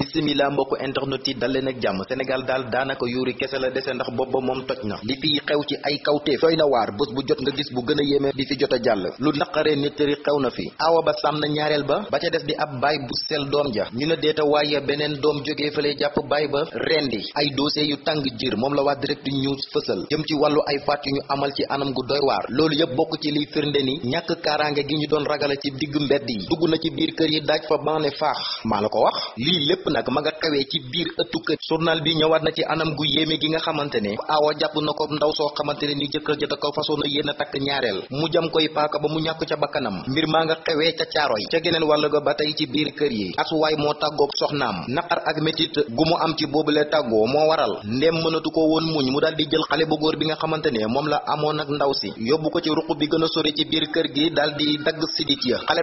bisimila mbokk internet yi dal leen ak jàmm Sénégal daal daanaka yuuri kese la dese ndax booba moom toj na li fiy xew ci ay kawteef doy na waar bés bu jot nga gis bu gën a yéeme bi fi jot a jàll lu naqaree nit tëri xew na fi aawa ba sàmm na ñaareel ba ba ca des di ab baay bu sel doom ja ñu ne deeta waaye beneen doom jógee fële jàpp baay ba rendi ay dossier yu tàng jiir moom la waa direct news fësal jëm ci wàllu ay faat yu ñu amal ci anam gu doy waar loolu yëpp bokk ci liy firnde ni ñàkk kaaraange gi ñu doon ragala ci digg mbedd yi dugg na ci biir kër yi daaj fa bane faax maa la ko wax lii nag ma nga xewee ci biir ëttu kër journal bi ñëwaat na ci anam gu yéeme gi nga xamante ne awa jàpp na ko ndaw soo xamante ne ni jëkkër ja da ko façon yéen a takk ñaareel mu jam koy paaka ba mu ñàkk ca bakkanam mbir maa nga xewee ca caaroy ca geneen wàll ga ba tey ci biir kër yi asuwaay moo tàggoob soxnaam naqar ak métit gu mu am ci boobule tàggoo moo waral ndem mënatu ko woon muñ mu daal di jël xale bu góor bi nga xamante ne moom la amoon ak ndaw si yóbbu ko ci ruq bi gën a sori ci biir kër gi daal di dagg sidit ya xale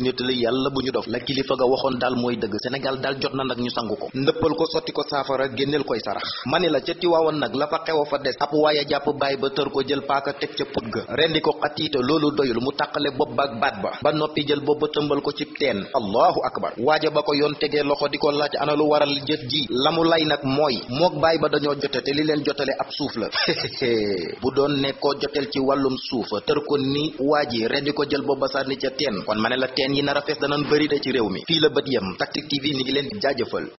leen nettali yàlla bu ñu dof la kilifa ga waxoon daal mooy dëgg Sénégal daal jot na nag ñu sangu ko ndëppal ko sotti ko saafara génneel koy sarax mani la ca Tiwaawan nag la fa xew a fa des ab waaye jàpp baay ba tër ko jël paaka teg ca pot ga rendi ko xatiite loolu doyul mu tàqale bopp ba ak baat ba ba noppi jël bopp ba tëmbal ko ci teen allahu akbar waaja ba ko yoon tegee loxo di ko laaj ana waral jëf ji la mu lay nag mooy mook baay ba dañoo jote te li la bu doon ne koo jotel ci wàllum suuf tër ko ni waaji rendi ko jël bopp ba sànni ca teen yi nar a fees danañ bëri de ci réew mi fii la bët yem Tactic TV ni ngi leen di jaajëfal